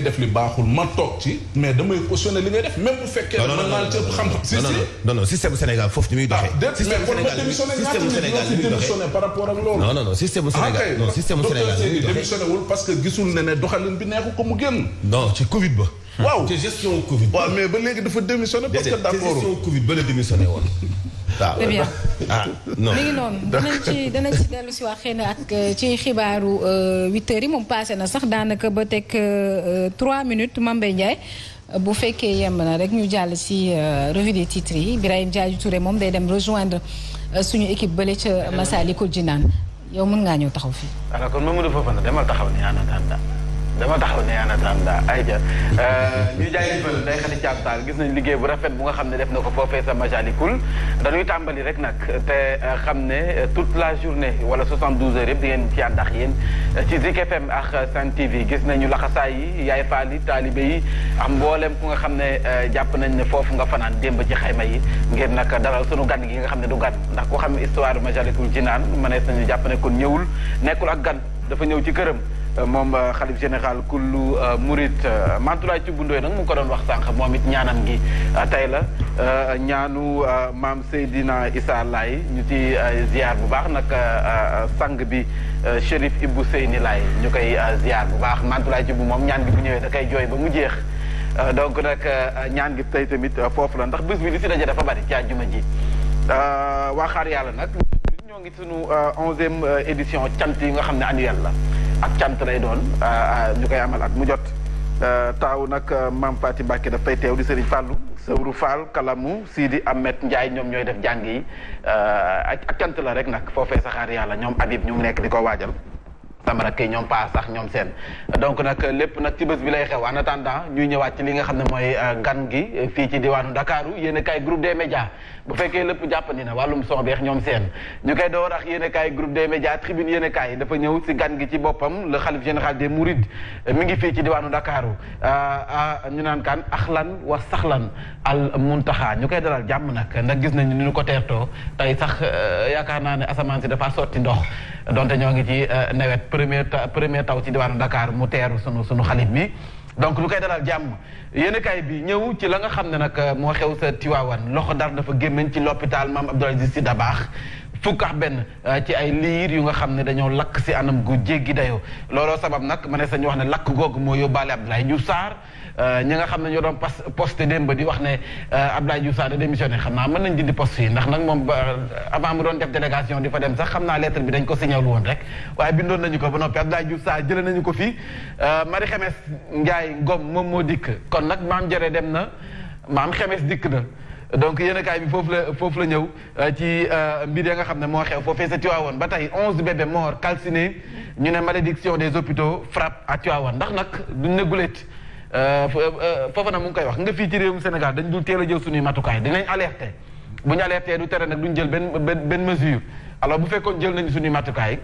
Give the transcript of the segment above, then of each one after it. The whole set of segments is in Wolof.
ngay def li baaxul ma toog ci mais damay cautionner li ngay def même bu fekkee mën naa cëpp xam-xam si si non non système Sénégal foofu ni muy doxee ah, système Sénégal ni muy doxee par rapport ak loolu non non non système Sénégal ah, non système Sénégal démissionné wul parce que gisul ne ne doxalin bi neexu ko mu génn non ci Covid ba waaw ci gestion Covid. waaw mais ba léegi dafa démissionné parce que d' accord gestion Covid ba la démissionné woon. très bien ah non mi ngi noonu danañ ci danañ ci dellu si wax xëy na ak euh, ci xibaaru euh, huit heures yi moom passé na sax daanaka ba teg euh, trois minutes Mambey Ndiaye bu fekkee yem na rek ñu jàll si revue des titres yi Birahim Diadio Touré moom day dem rejoindre suñu équipe bële ca Massalikul Jinaan yow mën ngaa ñëw taxaw fii. alors kon Mamadou Fofana demal taxaw nii ànd ànd dama taxaw ne en attendant ayca euh, ñu jaajëfal day xati caab taal gis nañ liggéey bu rafet bu nga xam ne def na ko foofee sa Majalikul dañuy tàmbali rek nag te euh, xam ne euh, toute la journée wala 72 heures yëpp di ngeen ci ànd ak yéen ci Zik FM ak Sen TV gis nañu laxasaay yi yaay faal yi taalibe yi am mboolem ku nga xam ne jàpp nañ ne foofu nga fanaan démb ci xayma yi ngir nag dalal sunu gan gi nga xam ne du gan ndax ku xam histoire Majalikul Jinaan mënees nañu jàpp ne kon ñëwul nekkul ak gan dafa ñëw ci këram moom euh, xalif général kullu euh, murit euh, Mantoulaye Thioub Ndoye nag mu ko doon wax sànq moom it ñaanam gi tey la ñaanu maam Seydina Issa Laye ñu ci ziar bu baax nag sang bi Chérif Ibou Seyni Laye ñu koy ziar bu baax Mantoulaye Thioub moom ñaan bi bu ñëwee da koy jooy ba mu jeex donc nag ñaan gi tey tamit foofu la ndax bés bi li si daje dafa bari ci àjjuma ji waa xaar yàlla nag ñoo ngi sunu onzième édition cant yi nga xam ne annuel la ak cant lay doon euh, euh, ñu koy amal ak mu jot euh, taaw nag maam Faati Mbàkke dafay teew di Serigne Fallou Sëwru Fall Kalamu Sidi Ahmed Ndiaye ñoom ñooy def jàng yi ak cant la rek nag foofee saxaar yàlla ñoom Habib ñu mu nekk di ko waajal Samara kay ñoom paa sax ñoom seen donc nag lépp nag ci bés bi lay xew en attendant ñuy ñëwaat ci li nga xam ne mooy euh, gan gi euh, fii ci diwaanu Ndakaaru yéen kaay groupe des médias bu fekkee lépp jàppandi na wàllum son beex ñoom seen ñu koy door ak yéen kaay groupe des médias tribune yéen kaay dafa ñëw si gan gi ci boppam le xalif général des Mourides euh, mi ngi fii ci diwaanu Ndakaaru ñu naan kaan axlan wa saxlan al muntaxa ñu koy dalal jàmm nag ndax gis nañu ni ñu ko teertoo tey sax yaakaar naa ne asamaan si dafa sotti ndox donte ñoo ngi ci nawet première ta première taw ci diwaanu Dakar mu teeru sunu sunu xalif bi donc lu koy dalal jàmm kaay bi ñëw ci la nga xam ne nag moo xew sa Tiwaawan loxo dar dafa gémmiñ ci l'hôpital Mame Abdou Aziz Sy baax fukk ak benn euh, ci ay liir yu nga xam ne dañoo lakk si anam gu jéggi dayoo looloo sabab nag ma ne sañ wax ne lakk googu moo yóbbaale Abdoulaye Diouf Sarr euh, ñi nga xam ne ñoo doon pas posté démb di wax ne euh, Abdoulaye Diouf Sarr da démissionné xam naa mën nañ dindi poste yi ndax nag moom avant mu doon def délégation di fa dem sax xam naa lettre bi dañ ko signalé woon rek waaye bindoon nañu ko ba noppi Abdoulaye Diouf Sarr jëlee nañu ko fii Marie Xemes Ndiaye Ngom moom moo dikk kon nag maam jëre dem na maam Xemes dikk na donc yéen kaay bi foofu la foofu la ñëw euh, ci euh, mbir ya nga xam ne moo xew foofee sa Tivaouane ba tey onze bébés morts calcinés ñu ne malédiction des hôpitaux frappe à Tivaouane ndax nag duñ ne guléet euh, foofa nag mu ngi koy wax nga fii ci réewum Sénégal dañ dul teel a suñuy matukaay dinañ alerté bu ñu alerté du tere nag duñ jël benn benn benn mesure alors bu fekkoon jël nañ suñuy matukaay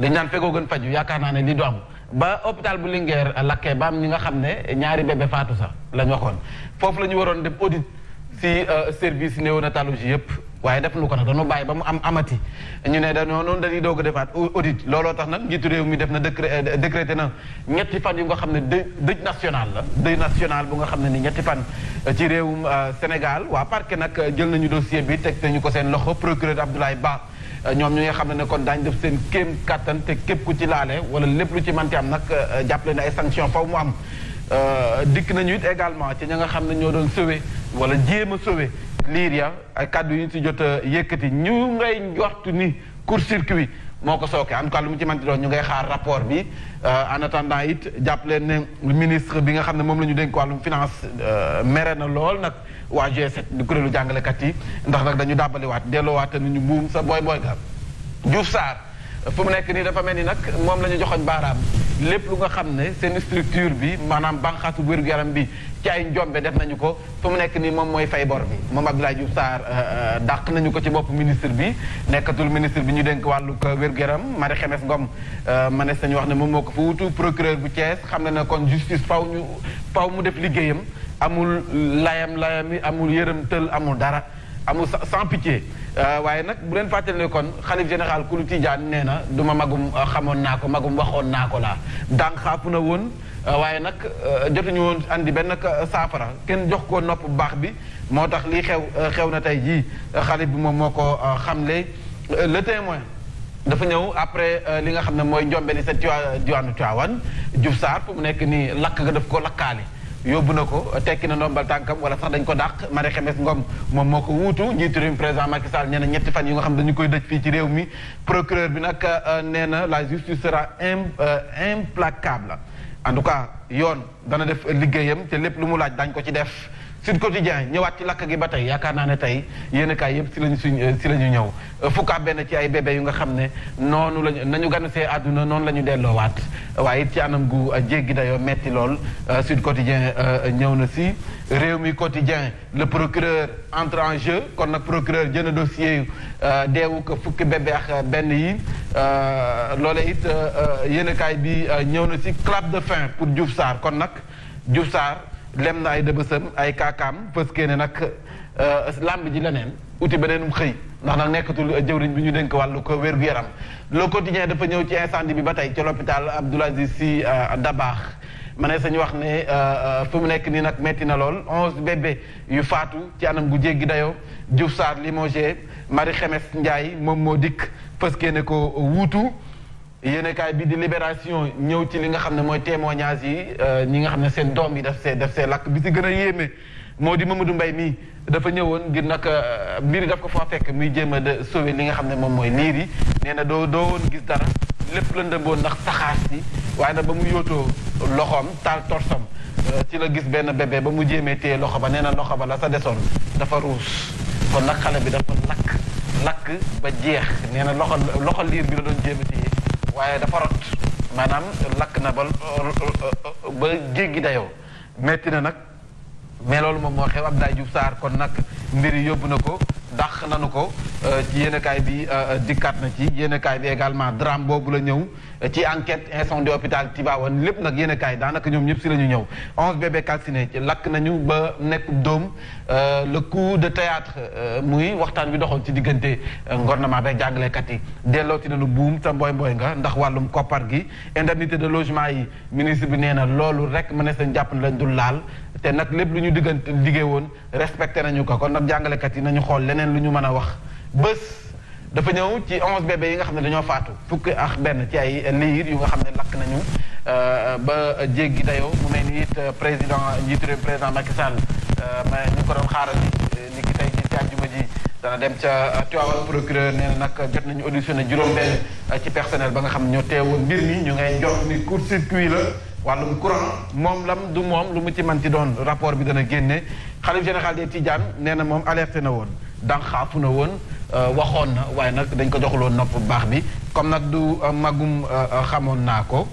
dañ naan fegoo gën faju yaakaar naa ne lii du am ba hôpital bu Linguère lakkee ba am ñi nga xam ne ñaari bébé faatu sax lañ waxoon foofu la ñu waroon dem audit si euh, service néonatologie yëpp waaye def nu ko nag dañoo bàyyi ba mu am amati ñu ne dañoo noonu dañuy doog a defaat audit looloo tax nag njiitu réew mi def na décré euh, décrété na ñetti fan yu nga xam ne dëj dëj national la dëj national bu nga xam ne ni ñetti fan euh, ci réewum Sénégal waa parquet nag jël nañu dossier bi teg nañu ko seen loxo procureur Abdoulaye Ba ñoom ñi nga xam ne ne kon daañ def seen kéem kàttan te képp ku ci laale wala lépp lu ci manti am nag jàppale ne ay sanction faw mu am Euh, dikk nañu it également ci ña nga xam ne ñoo doon sauvé wala jéem a sauvé liir ya ay kàddu yi ñu jot a yëkkati ñu ngay waxtu ni court circuit moo ko sooke en tout cas mu ci manti doon ñu ngay xaar rapport bi euh, en attendant it jàpp leen ne ministre bi nga xam ne moom la ñu dénk wàllum finance euh, mere na lool nag waa G7 di kuréelu jàngalekat yi ndax nag dañu dàbbaliwaat delloowaat ñu buum sa booy booy ga Diouf Sarr fu mu nekk nii dafa mel nii nag moom la ñu joxoñ baaraam lépp lu nga xam ne seen structure bi maanaam banqaasu wérgu yaram bi ci ay njombe def nañu ko fu mu nekk nii moom mooy fay bor bi moom Abdoulaye Diouf Sarr euh, euh, daq nañu ko ci bopp ministre bi nekkatul ministre bi ñu dénk wàllu euh, wérgu yaram Marie Xemes Ngom manees nañu wax ne moom moo ko fa wutu procureur bu Thiès xam ne ne kon justice faw ñu faw mu def liggéeyam amul layam layam yi amul yërëm tël amul dara amul sans pitié euh, waaye nag bu leen fàttalee ne kon xalif général kulu Tijaan nee na du ma magum euh, xamoon naa ko magum waxoon naa ko laa daan xaapu na woon euh, waaye nag jotuñu woon andi benn saafara kenn jox ko nopp baax bi moo tax li xew xew na tey jii xalif bi moom moo ko xamle le témoin dafa ñëw après li nga xam ne mooy njombe li sa diwaanu Tiwaawan Diouf Sarr fu mu nekk nii lakk nga daf ko lakkaali yóbbu na ko tekki na ndombal tànkam wala sax dañ ko dàq Marie xemees ngoom moom moo ko wuutu njiitu réew mi président Macky Sall nee na ñetti dañu koy dëj fii ci mi procureur bi nag euh, nee na la justice sera euh, implacable en tout cas yoon dana def liggéeyam te lépp lu mu laaj dañ ko ci def Sud Quotidien ñëwaat ci lakk gi ba tey yaakaar naa ne tey yéen kaay yëpp si lañu suñ si la ñëw fukkaa benn ci ay bébé yu nga xam ne noonu lañu nañu gan ganasee àdduna noonu la ñu delloowaat waaye it ci anam gu euh, jéggi dayoo metti lool euh, Sud Quotidien euh, ñëw na si réew mi quotidien le procureur entre en jeu kon nag procureur jëna dossier deewu ko fukki bébé ak benn yi loole it yéen kaay bi ñëw na si clap de fin pour Diouf saar kon nag Diouf Sarr dem na ay dëbësam ay kaakaam parce que ne nag euh, làmb ji leneen uti beneenum xëy ndax na nekkatul euh, jëwriñ bi ñu dénk wàllu ko wér-gu-yaram ko quotidien dafa ñëw ci incendie bi ba tey ci l'hôpital Abdoul Aziz Sy euh, Dabakh ma ne sañu wax ne fi mu nekk nii nag metti na lool onze bébé yu faatu ci anam gu jéggi dayoo Diouf Sarr limogé Marie Xemes Ndiaye moom moo dikk fës ne ko wuutu yéenekaay bi di libération ñëw ci li nga xam ne mooy témoignage yi euh, ñi nga xam ne seen doom yi daf see daf see lakk bi si gën a yéeme moo di Mamadou mbay mii dafa ñëwoon ngir nag euh, mbir daf ko fa fekk muy jéem a de sauver li nga xam ne moom mooy liir yi nee na doo doo woon gis dara lépp lëndëmoon ndax taxaar si waaye nag ba mu yootoo loxoom taal torsam euh, ci la gis benn bébé ba mu jéemee téye loxo ba nee na loxo ba la sa desoon dafa ruus kon nag xale bi dafa lakk ba jeex nee na loxo loxo liir bi la doon jéem a téye waaye dafa rot maanaam lakk na ba ba jéggi dayoo metti na nag mais loolu moom moo xew Abdoulaye Diouf Sarr kon nag mbir yóbbu na ko dàq nanu ko euh, ci yéenekaay bi euh, dikkaat na ci yéenekaay bi également drame boobu la ñëw euh, ci enquête incendie hôpital Tivaouane lépp nag yéenekaay daanaka ñoom ñëpp si lañu ñu ñëw onze bébé calciné ci lakk nañu ba nekk doom le coup de théâtre muy waxtaan bi doxoon ci diggante ngornement beeg jàngalekat yi dellooti nañu buum te mboy mbooy nga ndax wàllum koppar gi indemnité de logement yi ministre bi nee na loolu rek mënees nañ jàpp ne lañ dul laal te nag lépp lu ñu diggante liggéey woon respecté nañu ko kon nag jàngalekat yi nañu xool leneen lu ñu mën a wax bës dafa ñëw ci onze bébé yi nga xam ne dañoo faatu fukki ak benn ci ay liir yu nga xam ne lakk nañu euh, ba jéggi dayoo mu mel ni it euh, président njiitu réew président Macky Sall euh, ma ñu ko doon xaaral ni ki tey ci àjjuma ji dana dem ca Tivaouane procureur nee na nag jot nañu auditionné juróom-benn ci personnel ba nga xam ne ñoo teewoon mbir mi ñu ngay jox ni court circuit la wàllum courant moom lam du moom lu mu ci manti doon rapport bi dana génne xalif général des Tidiane nee na moom alerté na woon dan xaafu na woon euh, waxoon na waaye nag dañ ko joxuloon nopp baax bi comme nag du euh, magum euh, xamoon naa ko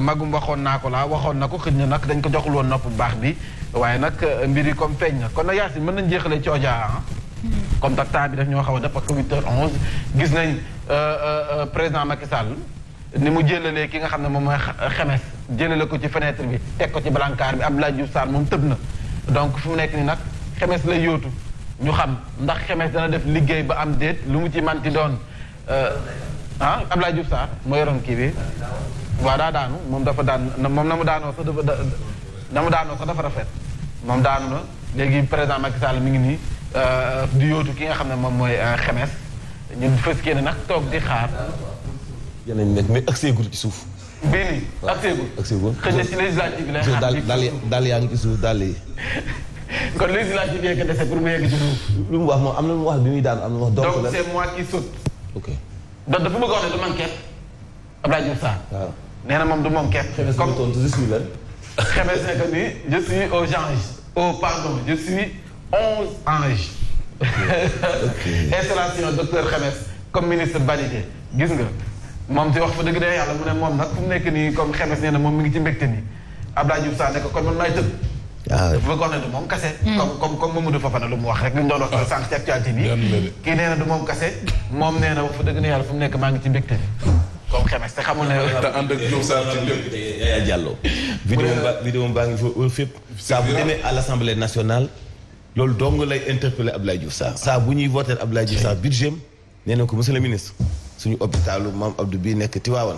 magum waxoon naa ko laa waxoon na ko xëj na nag dañ ko joxuloon nopp baax bi waaye nag mbiri comme feeñ na kon nag Yacine mën nañ jeexale ci Odia ah hmm. comme temps bi daf ñoo xaw a def parce que 8h11 gis nañ président Macky ni mu jëlalee ki nga xam ne moom mooy xemes jëlale ko ci fenêtre bi teg ko ci balancard bi Abdoulaye Diouf Sarr moom tëb na donc fu mu nekk nii nag xemes la yootu ñu xam ndax xemes dana def liggéey ba am déet lu mu ci manti doon euh, am ah, Abdoulaye Diouf Sarr moo yoroon kii bi waaw daa daanu moom dafa daan moom na mu daanoo sax dafa na mu daanoo sax dafa rafet moom daanu na léegi président Macky Sall mi ngi nii euh, di yootu ki nga xam ne moom mooy xemes euh, ñun fës kee ne nag toog di xaar nañ nekk mais ak seegul ci suuf. bii nii ak seegul. ak seegul xëy na ci législative bi lay xaar daal daal yaa ngi ci suuf daal yi. kon législative yi nga dese pour mu yegg ci suuf. lu mu wax moom am na lu mu wax bi muy daan am na mu wax. donc c' est moi qui saute. ok donc dafa bëgg a wax ne du man képp Abdoulaye Diouf Sarr. waaw nee na moom du moom képp. comme xemes tontu je suis lan. xemes ne que ni je suis aux anges. oh pardon je suis onze anges. ok installation docteur Xemes comme ministre validé gis nga. moom si wax fa dëgg de yàlla mu ne moom nag fu mu nekk nii comme xemes nee na moom mi ngi ci mbégte nii Abdoulaye Diouf Sarr ne ko kon man maay tëb waaw ah. dafa hmm. mu wax rek hmm. li ñu doon wax sànq ci actualité bi kii nee na yàlla fu mu nekk maa ngi ci mbégte nii comme xemes te xamul ne te ànd ak Diouf Sarr ci lépp Yaya Diallo vidéo baa ngi fépp saa bu demee à l' assemblée nationale loolu dong lay interpellé Abdoulaye Diouf saa bu ñuy voter ab Diouf Sarr budget nee na ko monsieur le ministre suñu hôpitalu maam Abdou bii nekk Tiwaawan.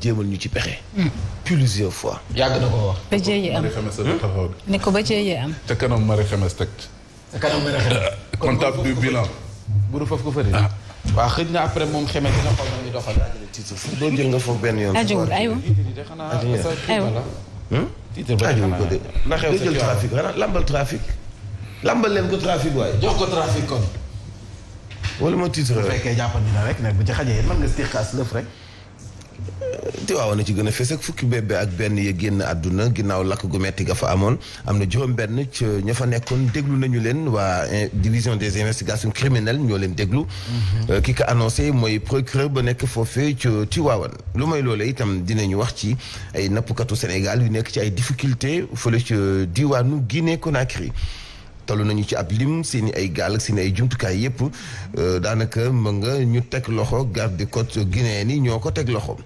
jéemal ñu ci pexe. Hmm. plusieurs fois. yàgg na ko wax. ba jéeye am ne hmm? ko ba jéeye am. te kanam mari xemes teg. te kanam mari xemes. Ah, comptable du bilan. bu du foofu ko fa ah. de. waaw xëy na après moom xeme dina xool na ñu doxal. doo jël nga foofu benn yoon. aajowul aywa aywa. titre hmm? ba aajowul ko de. la xew sa jël trafic xanaa lambal trafic. lambal leen ko trafic waaye. jox ko trafic kon. wala ma titre bu fekkee jàppandi rek nag bu ci xajee mën nga stiqaas lëf rek. Euh, Tiwaawan na ci gën a fees ak fukki bébé ak benn ya génn àdduna ginnaaw lakk gu metti ga fa amoon am na juróom-benn ca ña fa nekkoon déglu nañu leen waa division des investigations criminelles ñoo leen déglu. Mhm. Euh, ki ka annoncé mooy procureur ba nekk foofee ci Tiwaawan lu may loolee itam dinañu wax ci ay nappkatu Sénégal yu nekk ci ay difficultés fële ci diwaanu Guinée Conakry. toll nañu ci ab lim seen ay gaal ak ay jumtukaay yëpp euh, daanaka mën nga ñu teg loxo garde côte guinéen yi ñoo ko teg loxo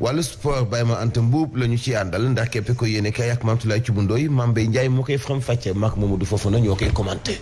wàllu sport bàyyi ma anta mbuub la ñu ci àndal ndax képp ko yéene kay ak maam Tulaay Cubundooy Maam Bay Njaay moo koy faram fàcce maak Mamadou Fofana ñoo koy commenté